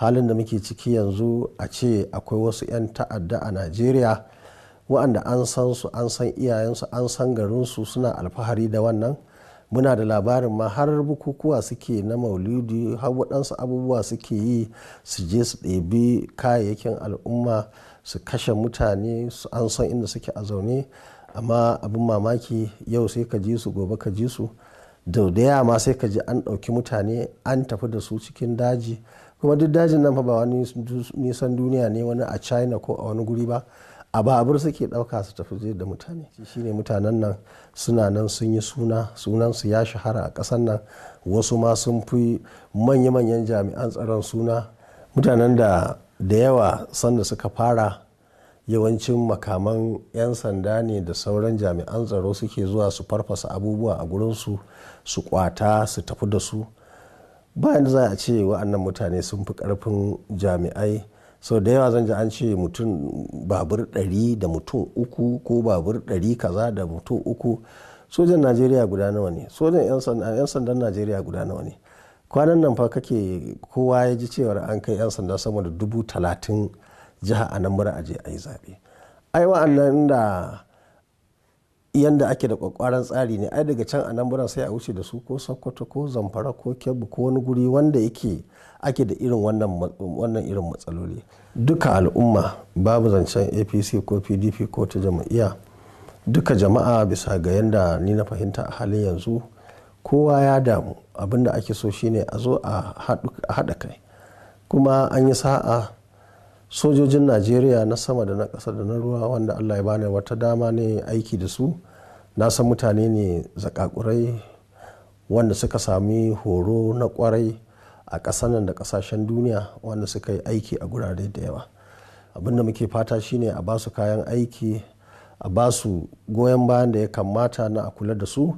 halin da muke ciki yanzu a ce akwai wasu 'yan ta'adda a najeriya wa'anda an san su an san iyayensu an san garinsu suna alfahari da wannan muna da labarin ma har bukukuwa suke na mauludi har waɗansu abubuwa suke yi su je su ɗebi kayayyakin al'umma su kashe mutane su an san inda suke a zaune amma abin mamaki yau sai ka ji su gobe ka ji su da ma sai ka ji an ɗauki mutane an tafi da su cikin daji kuma duk dajin nan fa ba wani nisan duniya ne wani a china ko a wani guri ba a babur suke dauka su tafi zai da mutane shine mutanen nan suna nan sun yi suna sunan su ya shahara a kasan nan wasu ma sun fi manya-manyan jami'an tsaron suna mutanen da da yawa sanda suka fara yawancin makaman 'yan sanda ne da sauran jami'an tsaro suke zuwa su farfasa abubuwa a gurinsu su kwata su tafi da su bayan za a ce wa'annan mutane sun fi karfin jami'ai so da yawa zan ji an ce mutum babur ɗari da mutum uku ko babur ɗari kaza da mutum uku sojan najeriya guda nawa ne sojan 'yan sandan najeriya guda nawa ne kwanan nan fa kake kowa ya ji cewar an kai 'yan sanda sama da dubu talatin jiha a nan mura aje a yi zaɓe ai wa'annan da yanda ake da kwakwaran tsari ne ai daga can buran sai a wuce da su ko sokoto ko zamfara ko kebbi ko wani guri wanda yake ake da irin wannan irin matsaloli duka al'umma babu zancen apc ko pdp ko ta jama'iya duka jama'a bisa ga yanda ni na fahimta a halin yanzu kowa ya damu abinda ake so shine a zo a haɗa kai kuma an yi sa'a sojojin najeriya na sama da na ƙasa da na ruwa wanda allah ya bani wata dama ne aiki da su na san mutane ne zakakurai wanda suka sami horo na kwarai a ƙasan da ƙasashen duniya wanda suka yi aiki a gurare da yawa abinda muke fata shine a basu kayan aiki a basu goyon bayan da ya kamata na a kula da su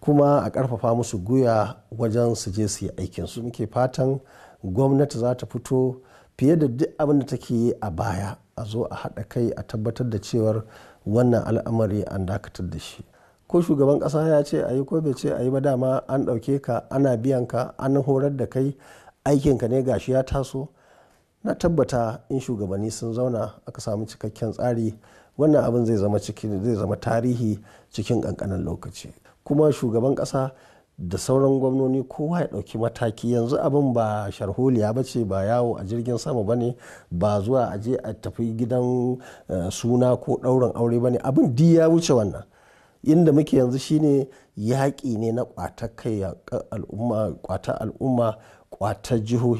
kuma a ƙarfafa musu guya wajen su je su yi aikin su muke fatan gwamnati za ta fito fiye da duk abin da take yi a baya a zo a haɗa kai a tabbatar da cewar wannan al'amari an dakatar da shi ko shugaban ƙasa ya ce a yi ko bai ce a yi ba dama an ɗauke ka ana biyan ka an horar da kai aikinka ne gashi ya taso na tabbata in shugabanni sun zauna aka samu cikakken tsari wannan abin zai zama tarihi cikin ƙanƙanin lokaci kuma shugaban ƙasa da sauran gwamnoni kowa ya ɗauki mataki yanzu abin ba sharholiya ba ce ba yawo a jirgin sama ba ne ba zuwa a je a tafi gidan eh, suna ko ɗaurin aure ba ne abin di ya wuce wannan inda muke yanzu shine yaƙi ne na kwata kai al'umma kwata al'umma kwata jihohi